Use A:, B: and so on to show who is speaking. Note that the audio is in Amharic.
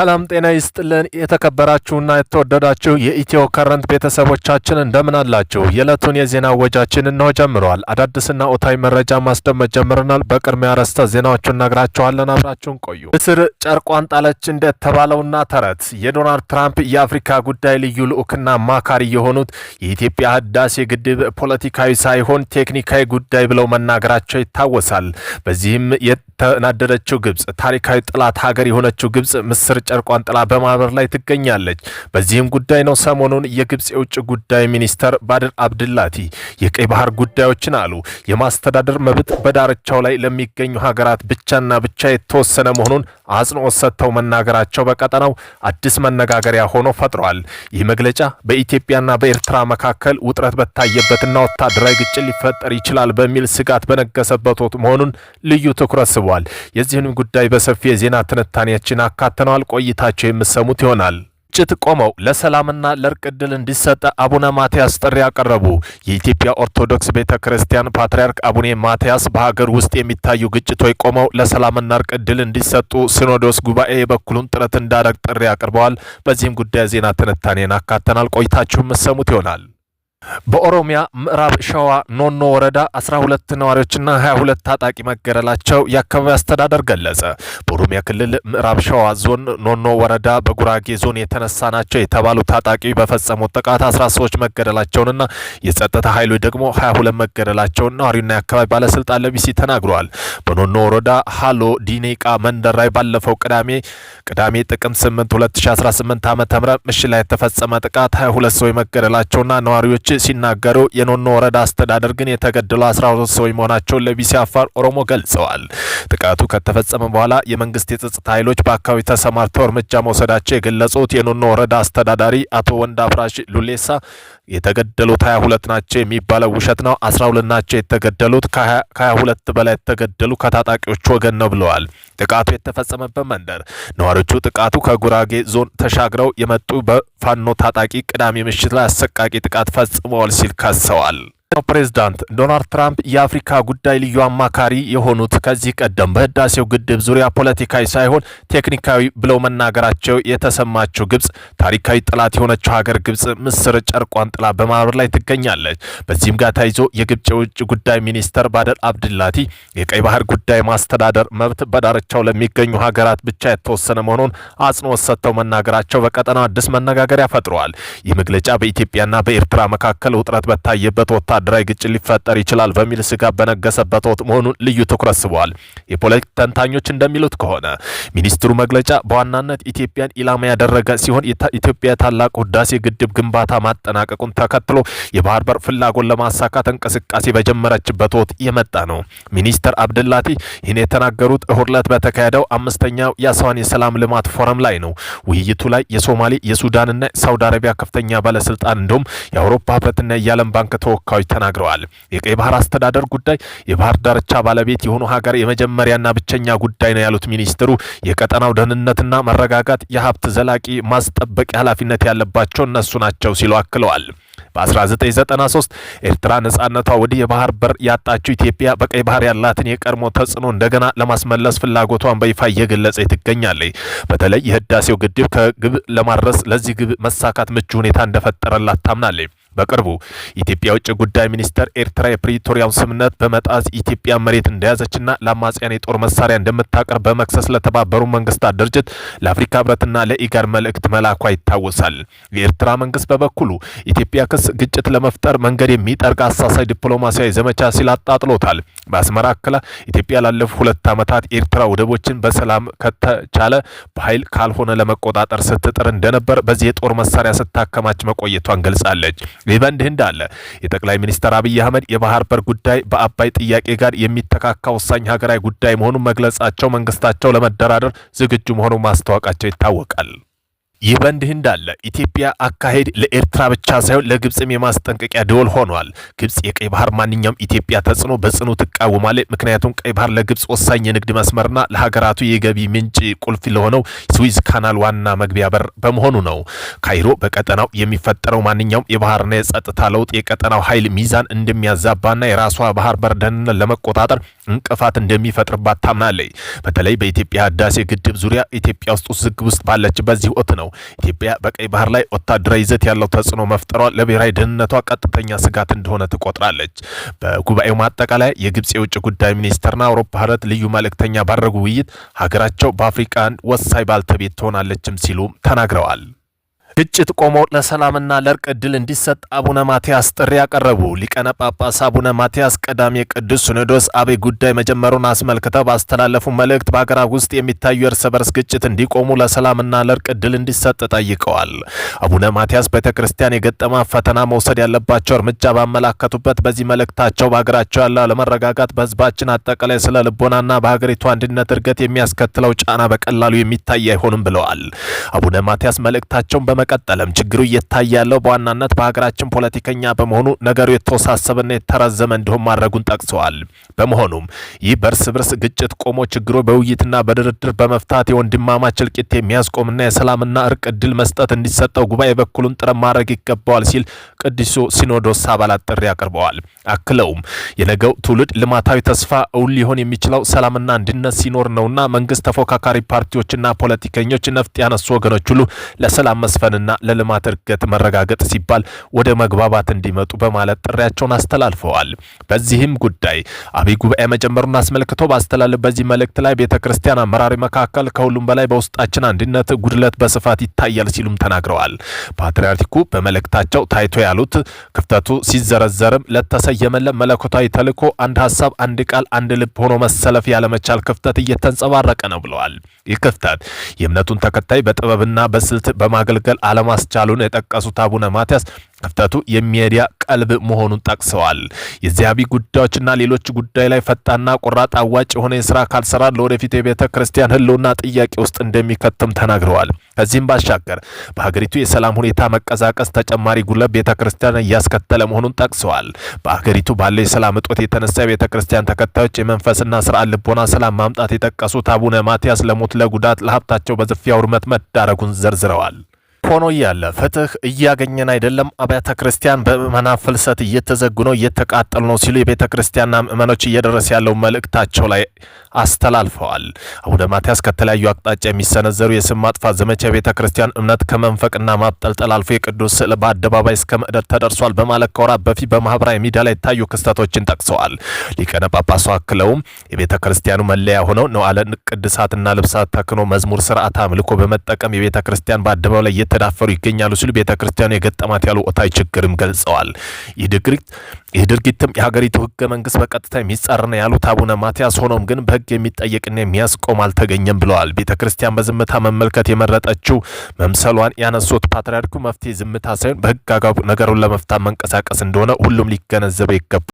A: ሰላም ጤና ይስጥልን። የተከበራችሁና የተወደዳችሁ የኢትዮ ከረንት ቤተሰቦቻችን እንደምን አላችሁ? የዕለቱን የዜና ወጃችን እነሆ ጀምረዋል። አዳዲስና ኦታዊ መረጃ ማስደመጥ ጀምረናል። በቅድሚያ ርዕሰ ዜናዎቹን እነግራችኋለን። አብራችሁን ቆዩ። እስር ጨርቋን ጣለች እንደተባለውና ተረት የዶናልድ ትራምፕ የአፍሪካ ጉዳይ ልዩ ልዑክና አማካሪ የሆኑት የኢትዮጵያ ህዳሴ ግድብ ፖለቲካዊ ሳይሆን ቴክኒካዊ ጉዳይ ብለው መናገራቸው ይታወሳል። በዚህም የተናደደችው ግብጽ ታሪካዊ ጥላት ሀገር የሆነችው ግብጽ ምስር ጨርቋን ጥላ በማህበር ላይ ትገኛለች። በዚህም ጉዳይ ነው ሰሞኑን የግብፅ የውጭ ጉዳይ ሚኒስተር ባድር አብድላቲ የቀይ ባህር ጉዳዮችን አሉ የማስተዳደር መብት በዳርቻው ላይ ለሚገኙ ሀገራት ብቻና ብቻ የተወሰነ መሆኑን አጽንኦት ሰጥተው መናገራቸው በቀጠናው አዲስ መነጋገሪያ ሆኖ ፈጥሯል። ይህ መግለጫ በኢትዮጵያና በኤርትራ መካከል ውጥረት በታየበትና ወታደራዊ ግጭት ሊፈጠር ይችላል በሚል ስጋት በነገሰበት ወቅት መሆኑን ልዩ ትኩረት ስቧል። የዚህንም ጉዳይ በሰፊ የዜና ትንታኔያችን አካተነዋል። ቆይታቸው የምሰሙት ይሆናል። ግጭት ቆመው ለሰላምና ለእርቅ ዕድል እንዲሰጥ አቡነ ማትያስ ጥሪ ያቀረቡ። የኢትዮጵያ ኦርቶዶክስ ቤተ ክርስቲያን ፓትርያርክ አቡነ ማትያስ በሀገር ውስጥ የሚታዩ ግጭቶች ቆመው ለሰላምና እርቅ ዕድል እንዲሰጡ ሲኖዶስ ጉባኤ የበኩሉን ጥረት እንዳደረግ ጥሪ አቅርበዋል። በዚህም ጉዳይ ዜና ትንታኔን አካተናል። ቆይታችሁ የምትሰሙት ይሆናል። በኦሮሚያ ምዕራብ ሸዋ ኖኖ ወረዳ 12 ነዋሪዎችና 22 ታጣቂ መገደላቸው የአካባቢ አስተዳደር ገለጸ። በኦሮሚያ ክልል ምዕራብ ሸዋ ዞን ኖኖ ወረዳ በጉራጌ ዞን የተነሳ ናቸው የተባሉ ታጣቂ በፈጸሙት ጥቃት 10 ሰዎች መገደላቸውንና የጸጥታ ኃይሎች ደግሞ 22 መገደላቸውን ነዋሪና የአካባቢ ባለስልጣን ለቢሲ ተናግረዋል። በኖኖ ወረዳ ሀሎ ዲኔቃ መንደር ላይ ባለፈው ቅዳሜ ቅዳሜ ጥቅም 8 2018 ዓ ም ምሽት ላይ የተፈጸመ ጥቃት 22 ሰዎች መገደላቸውና ነዋሪዎች ሲናገሩ የኖኖ ወረዳ አስተዳደር ግን የተገደሉ 12 ሰዎች መሆናቸውን ለቢሲ አፋር ኦሮሞ ገልጸዋል። ጥቃቱ ከተፈጸመ በኋላ የመንግስት የጸጥታ ኃይሎች በአካባቢ ተሰማርተው እርምጃ መውሰዳቸው የገለጹት የኖኖ ወረዳ አስተዳዳሪ አቶ ወንዳ ፍራሽ ሉሌሳ የተገደሉት 22 ናቸው የሚባለው ውሸት ነው። 12 ናቸው የተገደሉት፣ ከ22 በላይ የተገደሉ ከታጣቂዎች ወገን ነው ብለዋል። ጥቃቱ የተፈጸመበት መንደር ነዋሪዎቹ ጥቃቱ ከጉራጌ ዞን ተሻግረው የመጡ በፋኖ ታጣቂ ቅዳሜ ምሽት ላይ አሰቃቂ ጥቃት ፈጽመዋል ሲል ከሰዋል። የአሜሪካው ፕሬዝዳንት ዶናልድ ትራምፕ የአፍሪካ ጉዳይ ልዩ አማካሪ የሆኑት ከዚህ ቀደም በህዳሴው ግድብ ዙሪያ ፖለቲካዊ ሳይሆን ቴክኒካዊ ብለው መናገራቸው የተሰማችው ግብጽ ታሪካዊ ጠላት የሆነችው ሀገር ግብጽ ምስር ጨርቋን ጥላ በማህበር ላይ ትገኛለች። በዚህም ጋር ተያይዞ የግብጽ የውጭ ጉዳይ ሚኒስተር ባደር አብድላቲ የቀይ ባህር ጉዳይ ማስተዳደር መብት በዳርቻው ለሚገኙ ሀገራት ብቻ የተወሰነ መሆኑን አጽንኦት ሰጥተው መናገራቸው በቀጠናው አዲስ መነጋገሪያ ፈጥረዋል። ይህ መግለጫ በኢትዮጵያና በኤርትራ መካከል ውጥረት በታየበት ወታ። ወታደራዊ ግጭት ሊፈጠር ይችላል በሚል ስጋት በነገሰበት ወቅት መሆኑን ልዩ ትኩረት ስቧል። የፖለቲካ ተንታኞች እንደሚሉት ከሆነ ሚኒስትሩ መግለጫ በዋናነት ኢትዮጵያን ኢላማ ያደረገ ሲሆን ኢትዮጵያ ታላቅ ህዳሴ ግድብ ግንባታ ማጠናቀቁን ተከትሎ የባህር በር ፍላጎት ለማሳካት እንቅስቃሴ በጀመረችበት ወቅት የመጣ ነው። ሚኒስትር አብደላቲ ይህን የተናገሩት እሁድ ዕለት በተካሄደው አምስተኛው የአስዋን የሰላም ልማት ፎረም ላይ ነው። ውይይቱ ላይ የሶማሌ የሱዳንና ሳውዲ አረቢያ ከፍተኛ ባለስልጣን እንዲሁም የአውሮፓ ህብረትና የዓለም ባንክ ተወካዮች ተናግረዋል። የቀይ ባህር አስተዳደር ጉዳይ የባህር ዳርቻ ባለቤት የሆኑ ሀገር የመጀመሪያና ብቸኛ ጉዳይ ነው ያሉት ሚኒስትሩ የቀጠናው ደህንነትና መረጋጋት የሀብት ዘላቂ ማስጠበቂያ ኃላፊነት ያለባቸው እነሱ ናቸው ሲሉ አክለዋል። በ1993 ኤርትራ ነጻነቷ ወዲህ የባህር በር ያጣችው ኢትዮጵያ በቀይ ባህር ያላትን የቀድሞ ተጽዕኖ እንደገና ለማስመለስ ፍላጎቷን በይፋ እየገለጸ ትገኛለች። በተለይ የህዳሴው ግድብ ከግብ ለማድረስ ለዚህ ግብ መሳካት ምቹ ሁኔታ እንደፈጠረላት ታምናለች። በቅርቡ ኢትዮጵያ ውጭ ጉዳይ ሚኒስተር ኤርትራ የፕሪቶሪያውን ስምምነት በመጣስ ኢትዮጵያ መሬት እንደያዘችና ለአማጽያን የጦር መሳሪያ እንደምታቀርብ በመክሰስ ለተባበሩ መንግስታት ድርጅት ለአፍሪካ ህብረትና ለኢጋድ መልእክት መላኳ ይታወሳል። የኤርትራ መንግስት በበኩሉ ኢትዮጵያ ክስ ግጭት ለመፍጠር መንገድ የሚጠርግ አሳሳይ ዲፕሎማሲያዊ ዘመቻ ሲል አጣጥሎታል። በአስመራ አክላ ኢትዮጵያ ላለፉ ሁለት ዓመታት ኤርትራ ወደቦችን በሰላም ከተቻለ በኃይል ካልሆነ ለመቆጣጠር ስትጥር እንደነበር በዚህ የጦር መሳሪያ ስታከማች መቆየቷን ገልጻለች። ይህ በእንዲህ እንዳለ የጠቅላይ ሚኒስትር አብይ አህመድ የባህር በር ጉዳይ በአባይ ጥያቄ ጋር የሚተካካ ወሳኝ ሀገራዊ ጉዳይ መሆኑን መግለጻቸው መንግስታቸው ለመደራደር ዝግጁ መሆኑን ማስታወቃቸው ይታወቃል። ይህ በእንዲህ እንዳለ ኢትዮጵያ አካሄድ ለኤርትራ ብቻ ሳይሆን ለግብፅም የማስጠንቀቂያ ደወል ሆኗል። ግብፅ የቀይ ባህር ማንኛውም ኢትዮጵያ ተጽዕኖ በጽኑ ትቃወማለች። ምክንያቱም ቀይ ባህር ለግብፅ ወሳኝ የንግድ መስመርና ለሀገራቱ የገቢ ምንጭ ቁልፍ ለሆነው ስዊዝ ካናል ዋና መግቢያ በር በመሆኑ ነው። ካይሮ በቀጠናው የሚፈጠረው ማንኛውም የባህርና የጸጥታ ለውጥ የቀጠናው ኃይል ሚዛን እንደሚያዛባና የራሷ ባህር በር ደህንነት ለመቆጣጠር እንቅፋት እንደሚፈጥርባት ታምናለች። በተለይ በኢትዮጵያ ህዳሴ ግድብ ዙሪያ ኢትዮጵያ ውስጥ ውዝግብ ውስጥ ባለች በዚህ ወቅት ነው ኢትዮጵያ በቀይ ባህር ላይ ወታደራዊ ይዘት ያለው ተጽዕኖ መፍጠሯ ለብሔራዊ ደህንነቷ ቀጥተኛ ስጋት እንደሆነ ትቆጥራለች። በጉባኤው ማጠቃለያ የግብፅ የውጭ ጉዳይ ሚኒስትርና አውሮፓ ህብረት ልዩ መልእክተኛ ባደረጉ ውይይት ሀገራቸው በአፍሪካ ወሳኝ ባልተቤት ትሆናለችም ሲሉ ተናግረዋል። ግጭት ቆሞ ለሰላምና ለእርቅ እድል እንዲሰጥ አቡነ ማትያስ ጥሪ ያቀረቡ ሊቀነ ጳጳስ አቡነ ማትያስ ቀዳሚ የቅዱስ ሲኖዶስ አብይ ጉዳይ መጀመሩን አስመልክተው ባስተላለፉ መልእክት በሀገራት ውስጥ የሚታዩ እርስ በርስ ግጭት እንዲቆሙ ለሰላምና ለእርቅ እድል እንዲሰጥ ጠይቀዋል። አቡነ ማትያስ ቤተ ክርስቲያን የገጠማ ፈተና መውሰድ ያለባቸው እርምጃ ባመላከቱበት በዚህ መልእክታቸው በሀገራቸው ያለው አለመረጋጋት በህዝባችን አጠቃላይ ስለ ልቦናና በሀገሪቱ አንድነት እድገት የሚያስከትለው ጫና በቀላሉ የሚታይ አይሆንም ብለዋል። አቡነ ማትያስ መልእክታቸውን በመ አልቀጠለም። ችግሩ እየታየ ያለው በዋናነት በሀገራችን ፖለቲከኛ በመሆኑ ነገሩ የተወሳሰበና የተራዘመ እንዲሆን ማድረጉን ጠቅሰዋል። በመሆኑም ይህ በእርስ በርስ ግጭት ቆሞ ችግሩ በውይይትና በድርድር በመፍታት የወንድማማች እልቂት የሚያስቆምና የሰላምና እርቅ እድል መስጠት እንዲሰጠው ጉባኤ በኩሉን ጥረት ማድረግ ይገባዋል ሲል ቅዱሱ ሲኖዶስ አባላት ጥሪ አቅርበዋል። አክለውም የነገው ትውልድ ልማታዊ ተስፋ እውን ሊሆን የሚችለው ሰላምና አንድነት ሲኖር ነውና መንግስት፣ ተፎካካሪ ፓርቲዎችና ፖለቲከኞች ነፍጥ ያነሱ ወገኖች ሁሉ ለሰላም መስፈ ለመፍጠንና ለልማት እርገት መረጋገጥ ሲባል ወደ መግባባት እንዲመጡ በማለት ጥሪያቸውን አስተላልፈዋል። በዚህም ጉዳይ አብይ ጉባኤ መጀመሩን አስመልክቶ ባስተላለፍ በዚህ መልእክት ላይ ቤተ ክርስቲያን አመራሪ መካከል ከሁሉም በላይ በውስጣችን አንድነት ጉድለት በስፋት ይታያል ሲሉም ተናግረዋል። ፓትርያርኩ በመልእክታቸው ታይቶ ያሉት ክፍተቱ ሲዘረዘርም ለተሰየመለን መለኮታዊ ተልዕኮ አንድ ሀሳብ፣ አንድ ቃል፣ አንድ ልብ ሆኖ መሰለፍ ያለመቻል ክፍተት እየተንጸባረቀ ነው ብለዋል። ይህ ክፍተት የእምነቱን ተከታይ በጥበብና በስልት በማገልገል አለማስቻሉን የጠቀሱት አቡነ ማትያስ ክፍተቱ የሚዲያ ቀልብ መሆኑን ጠቅሰዋል። የዚያቢ ጉዳዮችና ሌሎች ጉዳይ ላይ ፈጣንና ቆራጥ አዋጭ የሆነ የስራ ካልሰራ ለወደፊት የቤተ ክርስቲያን ህልውና ጥያቄ ውስጥ እንደሚከትም ተናግረዋል። ከዚህም ባሻገር በሀገሪቱ የሰላም ሁኔታ መቀዛቀስ ተጨማሪ ጉለ ቤተ ክርስቲያን እያስከተለ መሆኑን ጠቅሰዋል። በሀገሪቱ ባለው የሰላም እጦት የተነሳ የቤተ ክርስቲያን ተከታዮች የመንፈስና ስርዓት ልቦና ሰላም ማምጣት የጠቀሱት አቡነ ማትያስ ለሞት፣ ለጉዳት፣ ለሀብታቸው በዝፊያ ውድመት መዳረጉን ዘርዝረዋል። ሆኖ እያለ ፍትህ እያገኘን አይደለም፣ አብያተ ክርስቲያን በምዕመናን ፍልሰት እየተዘጉ ነው፣ እየተቃጠሉ ነው ሲሉ የቤተ ክርስቲያንና ምእመኖች እየደረሰ ያለው መልእክታቸው ላይ አስተላልፈዋል። አቡነ ማትያስ ከተለያዩ አቅጣጫ የሚሰነዘሩ የስም ማጥፋት ዘመቻ የቤተ ክርስቲያን እምነት ከመንፈቅና ማብጠልጠል አልፎ የቅዱስ ስዕል በአደባባይ እስከ ምዕደት ተደርሷል በማለት ከወራት በፊት በማህበራዊ ሚዲያ ላይ የታዩ ክስተቶችን ጠቅሰዋል። ሊቀነ ጳጳሱ አክለውም የቤተ ክርስቲያኑ መለያ ሆነው ነው አለ ቅድሳትና ልብሳት ተክኖ መዝሙር ስርዓት አምልኮ በመጠቀም የቤተ ክርስቲያን በአደባባይ ላይ እየተዳፈሩ ይገኛሉ ሲሉ ቤተ ክርስቲያኑ የገጠማት ያሉ ወቅታዊ ችግርም ገልጸዋል። ይህ ድርጊትም የሀገሪቱ ህገ መንግስት በቀጥታ የሚጻረር ነው ያሉት አቡነ ማትያስ ሆኖም ግን በህግ የሚጠየቅና የሚያስቆም አልተገኘም ብለዋል። ቤተ ክርስቲያን በዝምታ መመልከት የመረጠችው መምሰሏን ያነሱት ፓትርያርኩ መፍትሄ ዝምታ ሳይሆን በህግ አግባብ ነገሩን ለመፍታት መንቀሳቀስ እንደሆነ ሁሉም ሊገነዘበ ይገባል።